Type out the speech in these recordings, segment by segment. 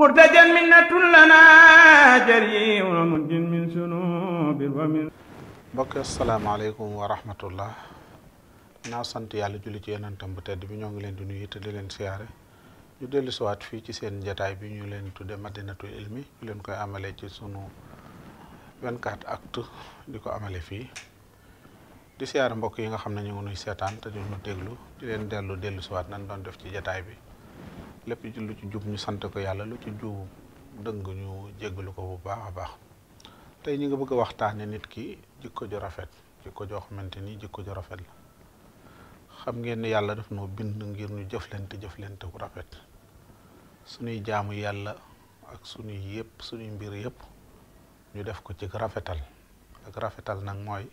مرتجى منة لنا جريء ومنج من سنوب ومن mbokk asalaamaaleykum wa rahmatullah naa sant yàlla julli ci yenantam bu tedd bi ñoo ngi leen di nuyu te di leen siyaare ñu dellu siwaat fii ci seen jataay bi ñu leen tudde madinatul ilmi ñu leen koy amalee ci sunu 24 actu di ko amale fii di siyaare mbokk yi nga xam ne ñu ngi nuy seetaan te di ñu déglu di leen dellu dellu siwaat nan doon def ci jataay bi lépp lu ci jub ñu sant ko yàlla lu ci jub dëng ñu jéggalu ko bu baax a baax tey ñu nga bëgg a waxtaane nit ki jikko ju rafet jikko joo xamante ni jikko ju rafet la xam ngeen ne yàlla def noo bind ngir ñu jëf jëflante bu rafet suñuy jaamu yàlla ak suñuy yëpp suñuy mbir yëpp ñu def ko ci rafetal ak rafetal nag mooy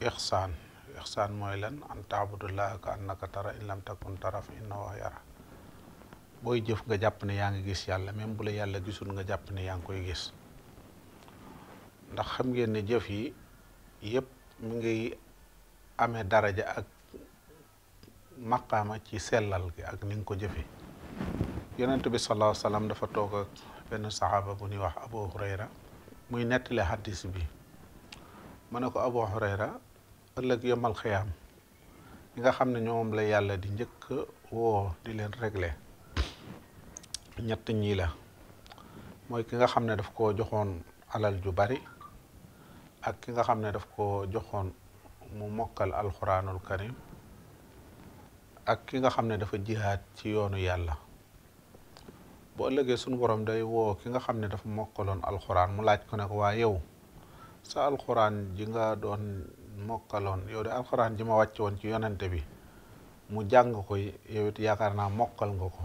ixsaan ixsaan mooy lan an taabudullah ka annaka tara in lam takun tara fa innahu yara booy jëf nga jàpp ne yaa ngi gis yàlla même bu la yàlla gisul nga jàpp ne yaa ngi koy gis ndax xam ngeen ne jëf yi yépp mu ngi amee daraja ak maqaama ci sellal gi ak ni nga ko jëfe yonent bi sallallahu alayhi dafa toog ak benn saxaaba bu ñuy wax Abu Hurayra muy nettale xaddis bi ma ne ko Abu Hurayra ëllëg yomal xiyaam ñi nga xam ne ñoom la yàlla di njëkk woo di leen régle ñett ñii la mooy ki nga xam ne daf ko joxoon alal ju bari ak ki nga xam ne daf ko joxoon mu mokkal alxuraanul karim ak ki nga xam ne dafa jihaat ci yoonu yàlla boo ëllëgee sunu borom day woo ki nga xam ne dafa mokkaloon alxuraan mu laaj ko ne ko waa yow sa alxuraan ji nga doon mokkaloon yow de alxuraan ji ma wàcc woon ci yonante bi mu jàng koy yow it yaakaar naa mokkal nga ko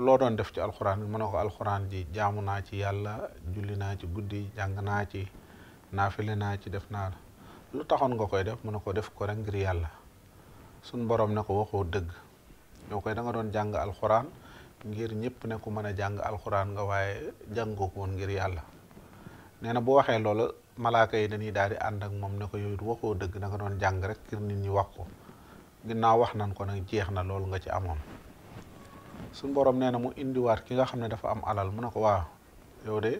loo doon def ci alxuraan bi mu ko alxuraan ji jaamu naa ci yàlla julli naa ci guddi jàng naa ci naafile naa ci def naa lu taxoon nga koy def mu ne ko def ko rek ngir yàlla suñ borom ne ko waxoo dëgg yow koy da nga doon jàng alxuraan ngir ñëpp ne ku mën a jàng alxuraan nga waaye jàngoo ko woon ngir yàlla nee na bu waxee loola malaaka yi dañuy daal di ànd ak moom ne ko yow waxoo dëgg da doon jàng rek ngir nit ñi wax ko ginnaaw wax nan ko nag jeex na loolu nga ci amoon suñ borom nee na mu indiwaat ki nga xam ne dafa am alal mu ne ko waaw yow de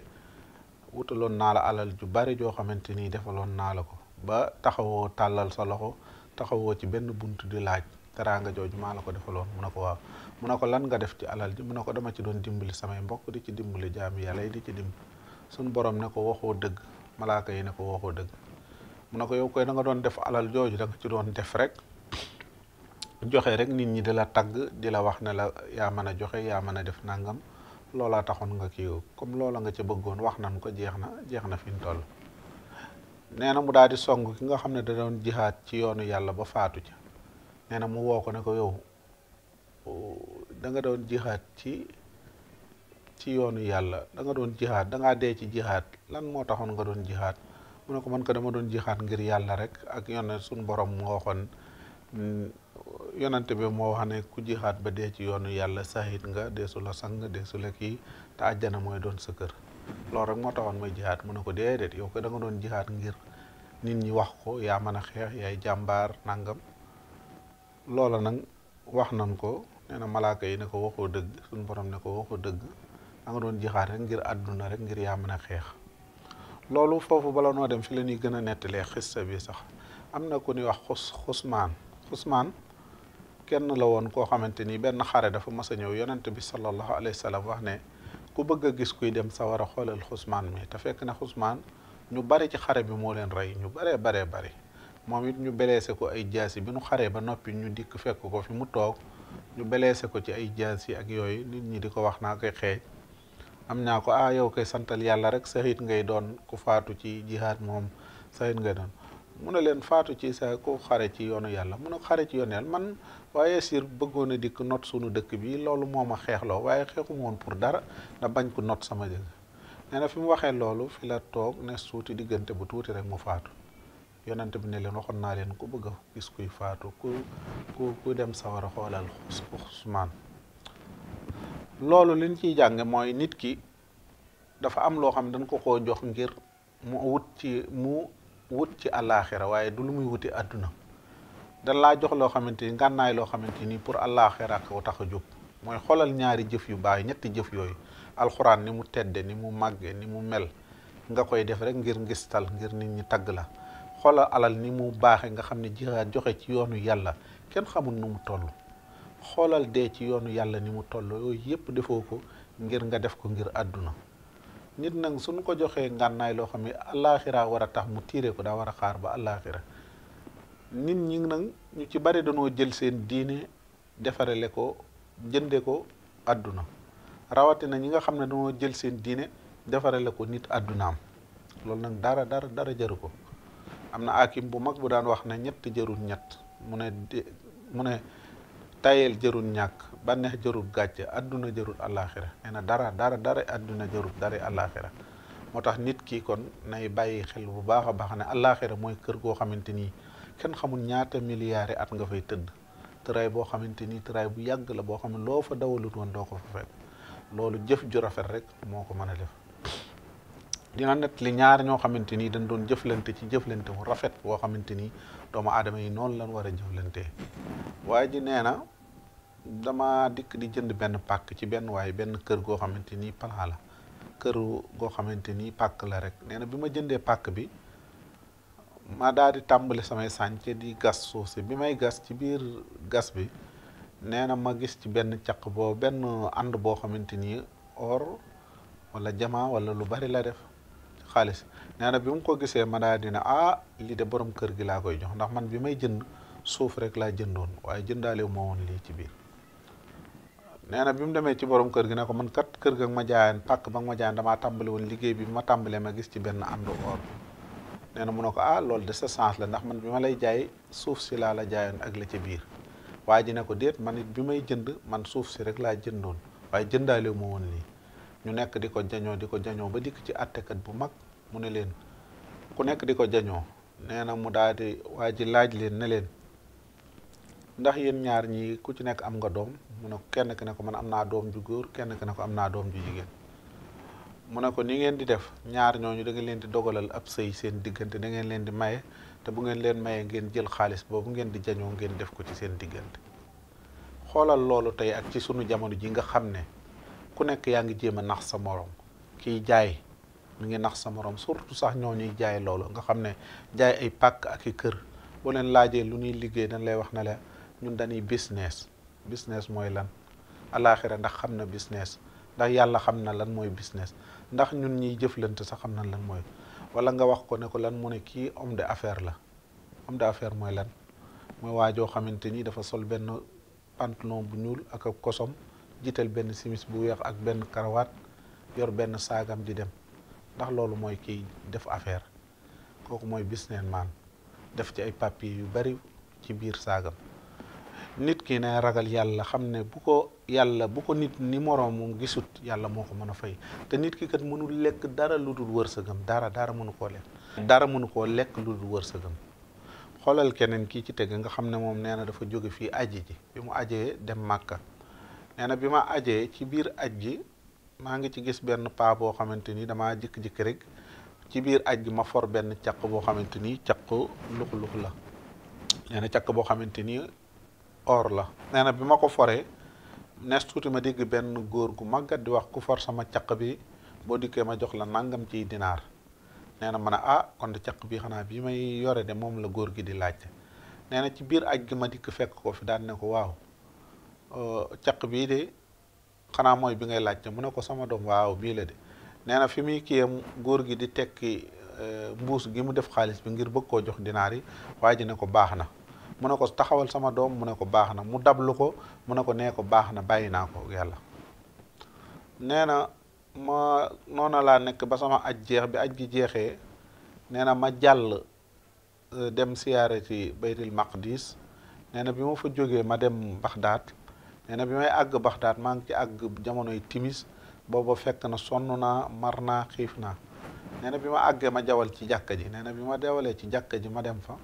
wutaloon naa la alal ju bari joo xamante ni defaloon naa la ko ba taxawoo tàllal sa loxo taxawoo ci benn bunt di laaj teraanga jooju maa la ko defaloon mun ne ko waaw mu ne ko lan nga def ci alal ji mun ne ko dama ci doon dimbali samay mbokk di ci dimbali jaami yàlla yi di ci dimbali suñ borom ne ko waxoo dëgg malaaka yi ne ko waxoo dëgg mun ne ko yow koy da nga doon def alal jooju da ci doon def rek joxe rek nit ñi di la tagg di la wax na la yaa mën a joxe yaa mën a def nangam loolaa taxoon nga kii comme loola nga ci bëggoon wax na nan ko jeex na jeex na fi mu toll nee na mu daal di song ki nga xam ne da doon jihaat ci yoonu yàlla ba faatu ca nee na mu woo ko ne ko yow da nga doon jihaat ci ci yoonu yàlla da doon jihaat da ngaa dee ci jihaat lan moo taxoon nga doon jihaat mu ne ko man ko dama doon jihaat ngir yàlla rek ak yoon suñu borom moo waxoon yonante bi moo wax ne ku jixaat ba dee ci yoonu yàlla sahit nga dee su la sang dee su la kii te àjjana mooy doon sa kër loolu rek moo taxoon mooy jixaat mu ne ko déedéet yow ko da doon jixaat ngir nit ñi wax ko yaa mën a xeex yaay jàmbaar nangam loola nag wax nan ko nee na malaaka yi ne ko waxoo dëgg suñu borom ne ko waxoo dëgg da doon jixaat rek ngir àdduna rek ngir yaa mën a xeex loolu foofu bala noo dem fi la ñuy gën a nettalee xista bi sax am na ko ñuy wax xus xusmaan xusmaan kenn la woon koo xamante ni benn xare dafa mas a ñëw yonent bi sallallahu alayhi wa sallam wax ne ku bëgg a gis kuy dem sa war a xoolal xusmaan mi te fekk na xusmaan ñu bari ci xare bi moo leen rey ñu baree baree bari moom it ñu beleese ko ay jaasi bi nu xaree ba noppi ñu dikk fekk ko fi mu toog ñu beleese ko ci ay jaasi ak yooyu nit ñi di ko wax naa koy xeej am naa ko ah yow koy santal yàlla rek sahit ngay doon ku faatu ci jihaad moom sahit ngay doon mu ne leen faatu ci sa ko xare ci yoonu yàlla mu ne xare ci yoonu yàlla man waaye sir bëggoon a dikk not sunu dëkk bi loolu moo ma xeexloo waaye xeexu woon pour dara da bañ ku not sama dëkk nee na fi mu waxee loolu fi la toog ne suuti diggante bu tuuti rek mu faatu yonent bi ne leen waxoon naa leen ku bëgg a gis kuy faatu ku ku ku dem sawar a xoolal Usmaan loolu liñ ciy jànge mooy nit ki dafa am loo xam dañ ko koo jox ngir mu wut ci mu wut ci àllaaxira waaye du lu muy wuti àdduna da laa jox loo xamante ni ngànnaay loo xamante ni pour àllaaxira ko tax a jóg mooy xoolal ñaari jëf yu baax ñetti jëf yooyu alxuraan ni mu tedde ni mu màgge ni mu mel nga koy def rek ngir ngistal ngir nit ñi tagg la xoolal alal ni mu baaxe nga xam ne jihaad joxe ci yoonu yàlla kenn xamul nu mu toll xoolal dee ci yoonu yàlla ni mu toll yooyu yëpp defoo ko ngir nga def ko ngir àdduna nit nag suñ ko joxee ngànnaay loo xam ne allaaxira war a tax mu tiiree ko daa war a xaar ba allaaxira nit ñi nag ñu ci bari dañoo jël seen diine defarale ko jënde ko àdduna rawatina ñi nga xam ne dañoo jël seen diine defarale ko nit àddunaam loolu nag dara dara dara jaru ko am na akim bu mag bu daan wax ne ñett jarul ñett mu ne ne tayel jërul ñàkk bànneex jërul gàcce àdduna jërul àllaaxira nee dara dara dara àdduna jërul dara àllaaxira moo tax nit ki kon nay bàyyi xel bu baax a baax ne àllaaxira mooy kër goo xamante ni kenn xamul ñaata milliards at nga fay tëdd tëraay boo xamante ni tëraay bu yàgg la boo xam loo fa dawalut woon doo ko fa fekk loolu jëf ju rafet rek moo ko mën a def dina nett li ñaar ñoo xamante ni dañ doon jëflante ci jëflante bu rafet boo xamante ni doomu aadama yi noonu lañ war a jëflante waaye ji nee na dama dikk di jënd benn pàkk ci benn waaye benn kër goo xamante nii plan la kër goo xamante ni pàkk la rek nee na bi ma jëndee pàkk bi ma daal di tàmbali samay sànce di gas suuf si bi may gas ci biir gas bi nee na ma gis ci benn caq boo benn ànd boo xamante ni or walla jama wala lu bari la def xaalis nee bi mu ko gisee ma daa dina ah lii de borom kër gi laa koy jox ndax man bi may jënd suuf rek laa jëndoon waaye jëndaale moo lii ci biir nee na bi mu demee ci borom kër gi ne ko man kat kër ga ma jaayaan pàkk ba ma jaayaan damaa liggéey bi ma tàmbalee ma gis ci benn àndu nee na mu ne ko ah loolu de sa chance la ndax man bi ma lay jaay suuf si laa la jaayoon ak la ca biir waa ji ko déet man it bi may jënd man suuf si rek laa jëndoon waaye jëndaale moo woon lii ñu nekk di ko jañoo di ko jañoo ba dikk ci attekat bu mag mu ne leen ku nekk di ko jañoo nee na mu daal di waa ji laaj leen ne leen ndax yéen ñaar ñi ku ci nekk am nga doom mu ne kenn ki ne ko man am naa doom ju góor kenn ki ne ko am naa doom ju jigéen mu ne ko ni ngeen di def ñaar ñooñu da ngeen leen di dogalal ab sëy seen diggante da ngeen leen di maye te bu ngeen leen maye ngeen jël xaalis boobu ngeen di jañoo ngeen def ko ci seen diggante xoolal loolu tey ak ci sunu jamono ji nga xam ne ku nekk yaa ngi jéem a nax sa morom kiy jaay mu ngi nax sa morom surtout sax ñoo ñuy jaay loolu nga xam ne jaay ay pàkk ak i kër boo leen laajee lu ñuy liggéey dañ lay wax ne la ñun dañuy business business mooy lan alaaxira ndax xam na business ndax yàlla xam na lan mooy business ndax ñun ñiy jëflant sax xam na lan mooy wala nga wax ko ne ko lan mu ne kii homme affaire la homme d'affaires mooy lan mooy waajoo xamante ni dafa sol benn pantalon bu ñuul ak kosom jiital benn simis bu weex ak benn karawaat yor benn saagam di dem ndax loolu mooy kiy def affaire kooku mooy business man def ci ay papier yu bari ci biir saagam nit ki ne ragal yàlla xam ne bu ko yàlla bu ko nit ni moroom gisut yàlla moo ko mën a fay te nit ki kat mënul lekk dara lu dul wër wërsëgam dara dara mënu koo dara mënu koo lekk lu dul wërsëgam. xoolal keneen kii ci teg nga xam ne moom nee na dafa jóge fii aji ji bi mu ajee dem màkka nee na bi ma ajee ci biir aj gi maa ngi ci gis benn paa boo xamante ni damaa jikk-jikk rek ci biir aj gi ma for benn caq boo xamante ni caq lux-lux la nee caq boo xamante ni or la nee bi ma ko fore nees tuuti ma dégg benn góor gu màggat di wax ku for sama caq bi boo dikkee ma jox la nàngam ciy dinaar nee na ma ne ah kon de caq bi xanaa bi may yore de moom la góor gi di laaj nee na ci biir aj gi ma dikk fekk ko fi daan ne ko waaw Euh, caq bii de xanaa mooy bi ngay laajte mu ne ko sama doom waaw bii la de nee na fi muy kiyam góor gi di tekki euh, mbuus gi mu def xaalis bi ngir bëgg koo jox dinaar yi waa ji ne ko baax na mu ne ko taxawal sama doom mu ne ko baax na mu dablu ko mu ne ko nee ko baax na bàyyi naa ko yàlla nee na ma noona laa nekk ba sama aj jeex bi aj ji jeexee nee na ma jàll euh, dem siyaare ci baytil maqdis nee na bi ma fa jógee ma dem baxdaat nee bi may àgg baxtaat maa ngi ci àgg jamonoy timis booba fekk na sonn naa mar naa xiif naa nee bi ma àggee ma jawal ci jàkka ji nee na bi ma jawalee ci jàkka ji ma dem fa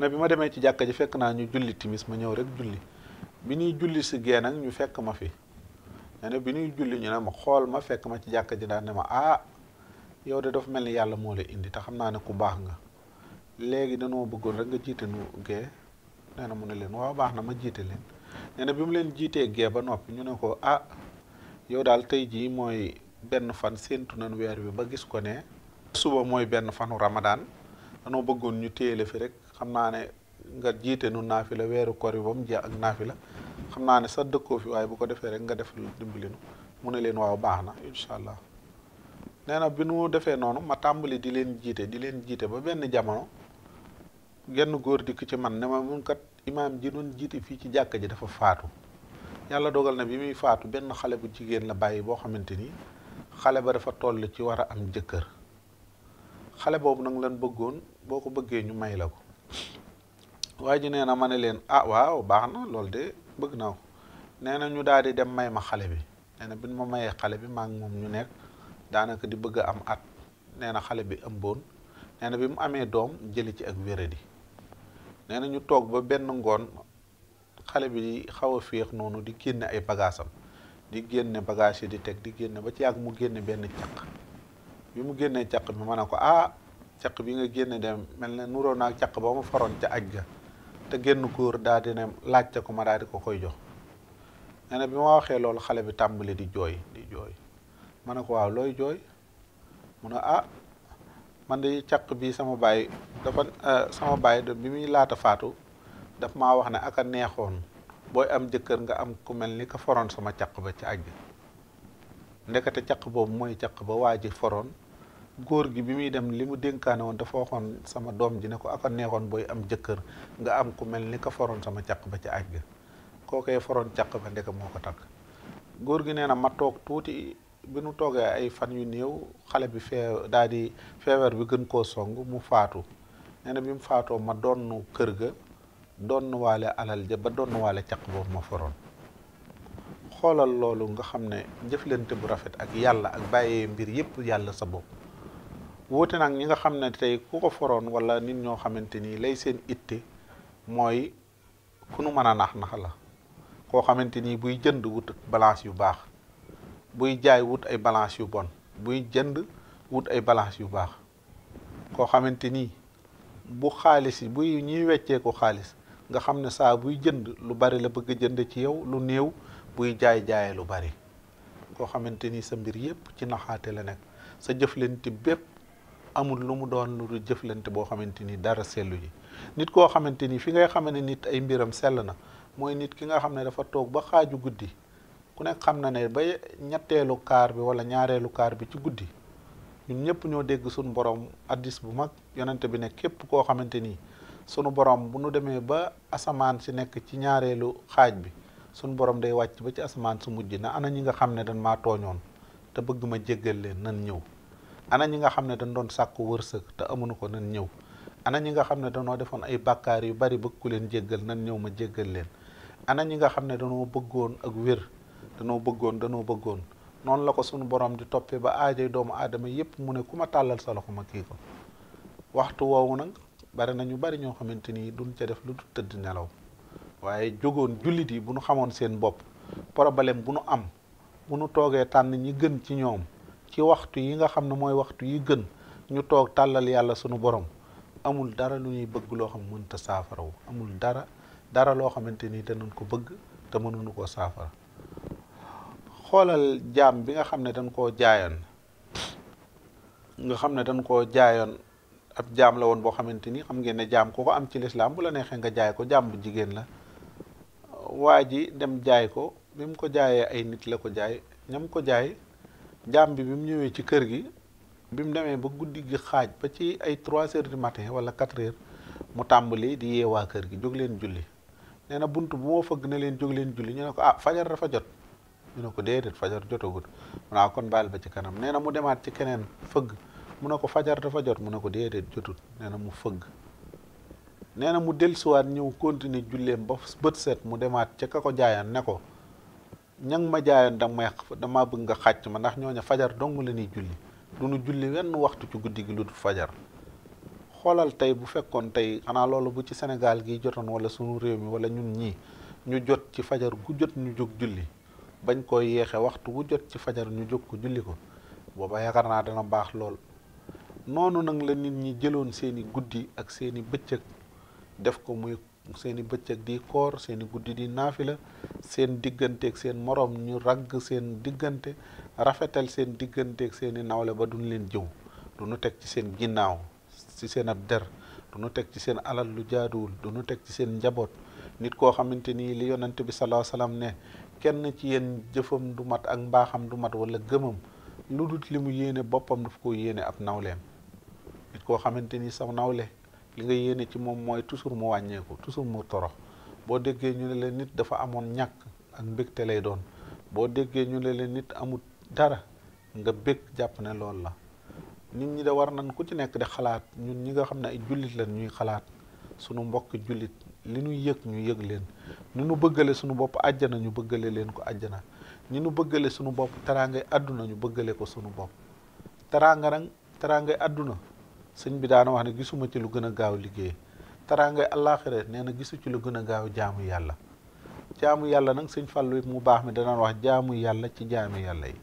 bi ma demee ci jàkka ji fekk naa ñu julli timis ma ñëw rek julli bi ñuy julli si gee nag ñu fekk ma fi nee bi ñuy julli ñu ne ma xool ma fekk ma ci jàkka ji daal ne ma ah yow de dafa mel ni yàlla moo la indi te xam naa ne ku baax nga léegi danoo bëggoon rek nga jiite nu gee nee na mu ne leen waaw baax na ma jiite nee bi mu leen jiitee gee ba noppi ñu ne ko ah yow daal tey jii mooy benn fan séentu nañ weer bi ba gis ko ne suba mooy benn fanu ramadaan danoo bëggoon ñu téyele fi rek xam naa ne nga jiite nu naafi la weeru kor yi ba jeex ak naafi la xam naa ne sa dëkkoo fi waaye bu ko defee rek nga def dimbalinu mu ne leen waaw baax na incha allah nee na bi nu defee noonu ma tàmbali di leen jiite di leen jiite ba benn jamono genn góor dikk ci man ne ma mun imaam ji doon jiite fii ci jàkka ji dafa faatu yàlla dogal na bi muy faatu benn xale bu jigéen la bàyyi boo xamante ni xale ba dafa toll ci war a am jëkkër xale boobu nag lan bëggoon boo ko bëggee ñu may la ko waa ji nee na ma ne leen ah waaw baax na loolu de bëgg naa ko nee na ñu daal di dem may ma xale bi nee na bi ma mayee xale bi maa moom ñu nekk daanaka di bëgg a am at nee na xale bi ëmboon nee na bi mu amee doom jëli ci ak wéradi nee na ñu toog ba benn ngoon xale bi xawa a noonu di génne ay bagaasam di génne bagage yi di teg di génne ba ci yàgg mu génne benn caq bi mu génnee caq bi ma ne ko ah caq bi nga génne dem mel na nuroo naa caq ba ma faroon ca aj ga te génn góor daa di ne laajte ko ma daa di ko koy jox nee bi ma waxee loolu xale bi tàmbali di jooy di jooy ma ne ko waaw looy jooy mu ne ah man de caq bii sama baay dafa eh, sama baay de bi muy laata faatu daf ma wax ne ak a neexoon booy am jëkkër nga am ku mel ni ka foroon sama caq ba ci àjj ndekete caq boobu mooy caq ba waa ji foroon góor gi bi muy dem li mu dénkaane woon dafa waxoon sama doom ji ne ko ak neexoon booy am jëkkër nga am ku mel ni ka foroon sama caq ba ci àjj kookee foroon caq ba ndeke moo ko takk góor gi nee na ma toog tuuti bi nu toogee ay fan yu néew xale bi fee feebar bi gën koo song mu faatu nee na bi mu faatoo ma donn kër ga donn waale alal ja ba donn waale caq boobu ma foroon xoolal loolu nga xam ne jëflante bu rafet ak yàlla ak bàyyee mbir yépp yàlla sa bopp wuute nag ñi nga xam ne tey ku ko foroon wala nit ñoo xamante ni lay seen itte mooy ku nu mën a nax nax koo xamante ni buy jënd wut balance yu baax buy jaay wut ay balance yu bon buy jënd wut ay balance yu baax koo xamante ni bu xaalis yi buy ñuy wecceeku xaalis nga xam ne saa buy jënd lu bari la bëgg a jënd ci yow lu néew buy jaay jaaye lu bari koo xamante ni sa mbir yépp ci naxaate la nekk sa jëflante bépp amul lu mu doon lu dul boo xamante ni dara sellu ji nit koo xamante ni fi ngay xam nit ay mbiram sell na mooy nit ki nga xam ne dafa toog ba xaaju guddi ku nekk xam na ne ba ñetteelu kaar bi wala ñaareelu kaar bi ci guddi ñun ñëpp ñoo dégg suñu borom addis bu mag yonente bi ne képp koo xamante ni sunu borom bu nu demee ba asamaan si nekk ci ñaareelu xaaj bi sunu borom day wàcc ba ci asamaan su mujj na ana ñi nga xam ne dañ maa tooñoon te bëgg ma leen nan ñëw ana ñi nga xam ne dañ doon sàkku wërsëg te amuñu ko nan ñëw ana ñi nga xam ne danoo defoon ay bàkkaar yu bari bëgg ku leen jéggal nan ñëw ma jéggal leen ana ñi nga xam ne danoo bëggoon ak wér danoo bëggoon danoo bëggoon noonu la ko sunu borom di toppee ba aajay doomu aadama yépp mu ne ku ma tàllal sa loxo ma kii ko waxtu woowu nag bari na ñu bari ñoo xamante ni duñ ca def lu du tëdd nelaw waaye jógoon jullit yi bu nu xamoon seen bopp problème bu nu am bu nu toogee tànn ñi gën ci ñoom ci waxtu yi nga xam ne mooy waxtu yi gën ñu toog tàllal yàlla sunu borom amul dara lu ñuy bëgg loo xam mënta saafarawu amul dara dara loo xamante ni danañ ko bëgg te mënuñu koo saafara xoolal jaam bi nga xam ne dañ koo jaayoon nga xam ne dañ koo jaayoon ab jaam la woon boo xamante ni xam ngeen ne jaam ku ko am ci lislaam bu la neexee nga jaay ko jaam jigéen la waa ji dem jaay ko bi ko jaayee ay nit la ko jaay ñam ko jaay jaam bi mu ñëwee ci kër gi bi mu demee ba guddi gi xaaj ba ci ay trois heures du matin wala quatre heures mu tàmbali di waa kër gi jóg leen julli nee na bunt bu moo fëgg na leen jóg leen julli ñu ne ko ah fajar dafa jot ñu ne ko déedéet fajar jotagul mu ne ah, kon baal ba ci kanam nee na mu demaat ci keneen fëgg mu ne ko fajar dafa jot mu ne ko déedéet jotul nee na mu fëgg nee na mu dellusiwaat ñëw continuer julleem ba bët set mu demaat ca ka ko jaayaan ne ko ña ma jaayan da may dama bëgg nga xàcc ma ndax ñooña fajar dong la ñuy julli du nu julli wenn waxtu ci guddi gi lu dul fajar xoolal tey bu fekkoon tey xanaa loolu bu ci senegal gi jotoon wala sunu réew mi wala ñun ñii ñu jot ci fajar gu jot ñu jóg julli bañ koy yéexe waxtu wu jot ci fajar ñu jóg ko julli ko booba yaakaar naa dana baax lool noonu nag la nit ñi jëloon seeni guddi ak seeni bëccëg def ko muy seeni bëccëg di koor seeni guddi di naafila seen digganteeg seen moroom ñu ragg seen diggante rafetal seen digganteeg seeni nawle ba duñ leen jëw du ñu teg ci seen ginnaaw ci seen ab der du teg ci seen alal lu jaaduwul du ñu teg ci seen njaboot nit koo xamante ni li yonante bi salaa salaam ne kenn ci yéen jëfam du mat ak mbaaxam du mat wala gëmam lu dul li mu yéene boppam daf ko yéene ab nawleem nit koo xamante ni sa nawle li nga yéene ci moom mooy toujours mu wàññeeku toujours mu torox boo déggee ñu ne leen nit dafa amoon ñàkk ak mbégte lay doon boo déggee ñu ne leen nit amut dara nga bég jàpp ne loolu la nit ñi de war nañ ku ci nekk di xalaat ñun ñi nga xam ne ay jullit la ñuy xalaat sunu mbokk jullit li ñu yëg ñu yëg leen nu ñu bëggale suñu bopp àjjana ñu bëggale leen ko àjjana ni nu bëggale suñu bopp taraangay àdduna ñu bëggale ko suñu bopp taraanga nag àdduna sëñ bi daana wax ne gisuma ci lu gën a gaaw liggéey taraangay àllaaxira nee na gisu ci lu gën a gaaw jaamu yàlla jaamu yàlla nag sëñ Fallu mu baax mi danaan wax jaamu yàlla ci jaami yàlla yi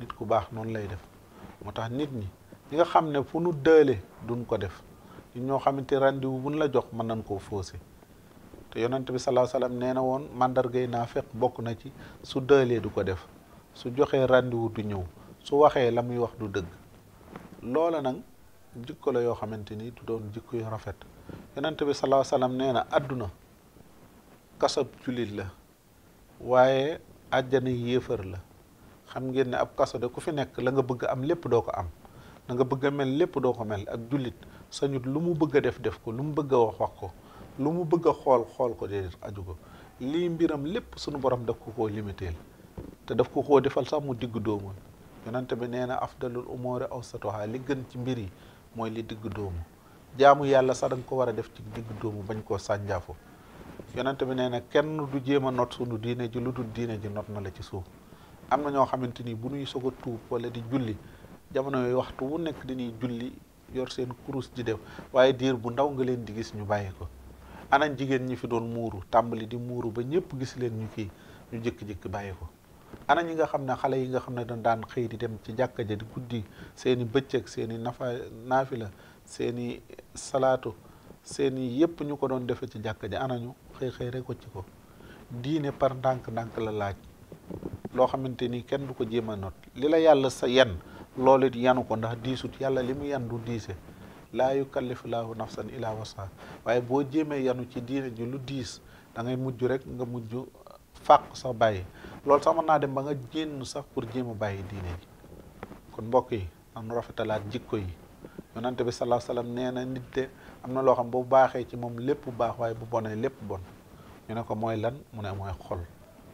nit ku baax noonu lay def moo tax nit ñi ñi nga xam ne fu nu dëële duñ ko def ñoo xamante rendiwu buñ la jox mën nañ koo fóose te yonent bi salaa salaam nee na woon màndargay naa naafeq bokk na ci su dëlee du ko def su joxee rendez du ñëw su waxee la muy wax du dëgg loola nag jikko la yoo xamante ni du doon jikko yu rafet yonent bi salaa salaam nee na àdduna kasab jullit la waaye àjjana yéefar la xam ngeen ne ab kaso de ku fi nekk la nga bëgg a am lépp doo ko am la nga bëgg a mel lépp doo ko mel ak jullit sañut lu mu bëgg a def def ko lu mu bëgg a wax wax ko lu mu bëgg a xool xool ko déedéet aju ko lii mbiram lépp sunu borom daf ko koo limiteel te daf ko koo defal sax mu digg doomu yonente bi nee na aw sa awsatuha li gën ci mbir yi mooy li digg doomu jaamu yàlla sax da ko war a def ci digg doomu bañ koo sànjaafo yonente bi nee na kenn du jéem a not sunu diine ji lu dul diine ji not na la ci suuf am na ñoo xamante ni bu ñuy soog a tuub wala di julli jamono yooyu waxtu wu nekk dañuy julli yor seen kurus ji def waaye diir bu ndaw nga leen di gis ñu bàyyi ko ana jigéen ñi fi doon muuru tàmbali di muuru ba ñëpp gis leen ñu kii ñu jëkk-jëkk bàyyi ko ana ñi nga xam ne xale yi nga xam ne dañ daan xëy di dem ci jàkka ja di guddi seeni bëccëg seeni nafa naafila seeni salaatu seeni yëpp ñu ko doon defe ci jàkka ja ana ñu xëy xëy ko ci ko diine par ndànk-ndànk la laaj loo xamante ni kenn du ko jéem a not li la yàlla sa yenn loolu it yanu ko ndax diisut yàlla li yan du diise laa yukallifu laahu nafsan illa wasa waaye boo jéemee yanu ci diine ji lu diis da ngay mujj rek nga mujj fàq sax bàyyi loolu sax mën naa dem ba nga génn sax pour jéem bàyyi diine ji kon mbokk yi am rafetalaat jikko yi yonante bi sallallahu alayhi wasallam nee na nit de am na loo xam bu baaxee ci moom lépp bu baax waaye bu bonee lépp bon ñu ne ko mooy lan mu ne mooy xol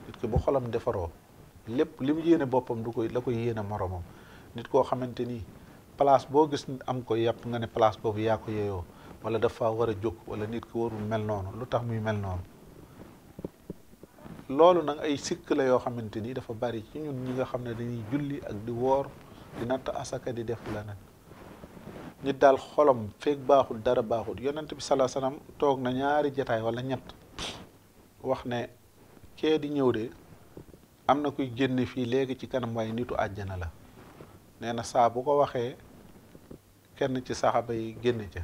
nit ki bu xolam defaroo lépp li mu yéene boppam du ko la ko yéene moromam nit koo xamante ni place boo gis am ko yàpp nga ne place boobu yaa ko yeeyoo wala dafa war a jóg wala nit ki warul mel noonu lu tax muy mel noonu loolu nag ay sikk la yoo xamante ni dafa bari ci ñun ñi nga xam ne dañuy julli ak di woor di natt di def la nag nit daal xolam feeg baaxul dara baaxul yonent bi salaa salaam toog na ñaari jataay wala ñett wax ne kee di ñëw de am na kuy génn fii léegi ci kanam waaye nitu àjjana la nee na saa bu ko waxee kenn ci saxaaba yi génn ca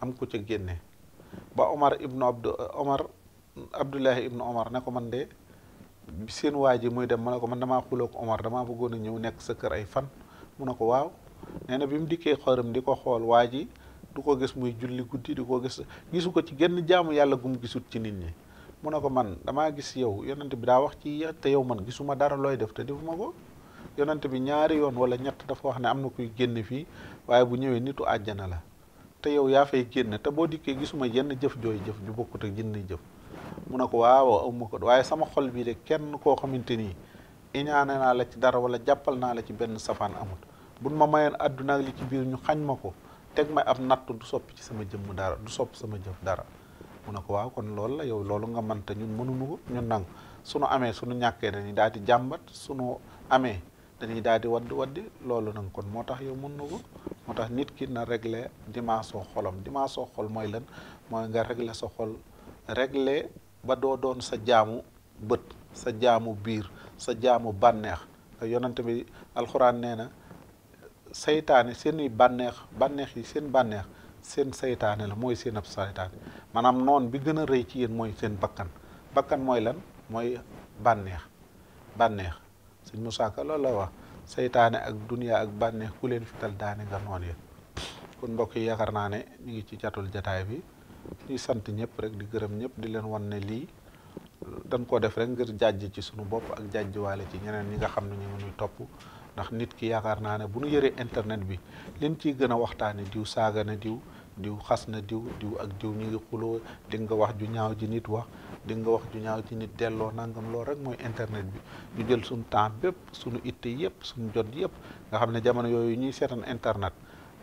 am ku ca génne ba Omar ibnu Abdu Omar Abdullahi ibnu Omar na ko man de seen waa ji muy dem mu ne ko man damaa xuloo ko Omar damaa bëggoon a ñëw nekk sa kër ay fan mu ne ko waaw nee na bi mu dikkee xëram di ko xool waa ji du ko gis muy julli guddi di ko gis gisu ko ci genn jaamu yàlla gum gisut ci nit ñi mun ne ko man damaa gis yow yonent bi daa wax ci te yow man gisuma dara looy def te defuma ko yonent bi ñaari yoon wala ñett dafa wax ne am na kuy génn fii waaye bu ñëwee nitu àjjana la te yow yaa fay génn te boo dikkee gisuma yenn jëf jooy jëf ju bokkut ak jënd jëf mu ne ko waaw awma ko waaye sama xol bii de kenn koo xamante nii iñaane naa la ci dara wala jàppal naa la ci benn safaan amul buñ ma mayoon àdduna li ci biir ñu xañ ma ko teg may ab natt soppi ci sama jëmm dara du sopp sama jëf dara mu ne ko waaw kon loolu la yow loolu nga mën te ñun mënuñu ko ñun su nu amee su sunu ñàkkee dañuy daal di jàmbat sunu amee dañuy daal di wadd waddi loolu nag kon moo tax yow mën na ko moo tax nit ki na régler dimension xolam dimension xol mooy lan mooy nga régler sa xol régler ba doo doon sa jaamu bët sa jaamu biir sa jaamu bànneex yonent bi alxuraan nee na seytaane seeni bànneex bànneex yi seen bànneex seen seytaane la mooy seen ab seytaane maanaam noon bi gën a rëy ci yéen mooy seen bakkan bakkan mooy lan mooy bànneex bànneex suñ Moussa Ka loolu la wax seytaane ak dunia ak bànneex ku leen fital daane nga noon ya kon mbokk yi yaakaar naa ne ñu ngi ci catul jataay bi ñuy sant ñëpp rek di gërëm ñëpp di leen wan ne lii dañ ko def rek ngir jàjj ci sunu bopp ak jàjjwaale ci ñeneen ñi nga xam ne ñu ngi ñuy topp ndax nit ki yaakaar naa ne bu ñu yëree internet bi leen ciy gën a waxtaane diw saaga ne diw diw xas na diw diw ak diw ñu ngi xuloo dégg nga wax ju ñaaw ji nit wax dégg nga wax ju ñaaw ji nit delloo nangam lool rek mooy internet bi ñu jël suñu temps bépp suñu itte yëpp suñu jot yëpp nga xam ne jamono yooyu ñuy seetaan internet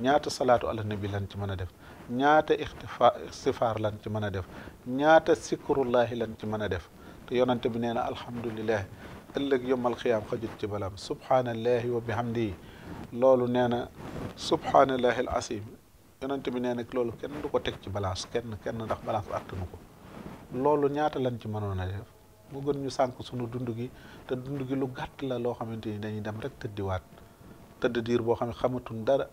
ñaata salaatu ala nabi lan ci mën a def ñaata ixtifa istifaar lan ci mën a def ñaata sikrullahi lan ci mën a def te yonante bi nee na alhamdulilah ëllëg yomal xiyaam xajut ci balam subhaanallahi wa bihamdihi loolu nee na subhaanallahi al asim yonent bi nee nag loolu kenn du ko teg ci balance kenn kenn ndax balance attanu ko loolu ñaata lañ ci manoon a def mu gën ñu sànq sunu dund gi te dund gi lu gàtt la loo xamante ni dañuy dem rek tëddiwaat tëdd diir boo xam ne xamatuñ dara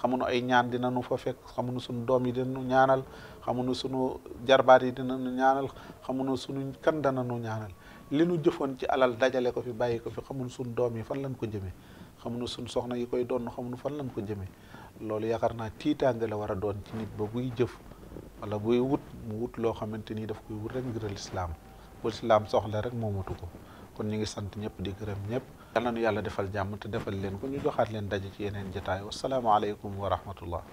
xamuñu ay ñaan dinañu fa fekk xamuñu sunu doom yi dinañu ñaanal xamuñu sunu jarbaat yi dinañu ñaanal xamuñu sunu kan danañu ñaanal li nu jëfoon ci alal dajale ko fi bàyyi ko fi xamuñu sunu doom yi fan lañ ko jëmee xamuñu sunu soxna yi koy doon xamuñu fan lañ ko jëmee loolu yaakaar naa tiitaange la war a doon ci nit ba buy jëf wala buy wut mu wut loo xamante ni daf koy wut rek ngir lislaam bu lislaam soxla rek moomatu ko kon ñu ngi sant ñëpp di gërëm ñëpp yal na nu yàlla defal jàmm te defal leen ko ñu doxaat leen daje ci yeneen jotaay wasalaamaaleykum wa rahmatullah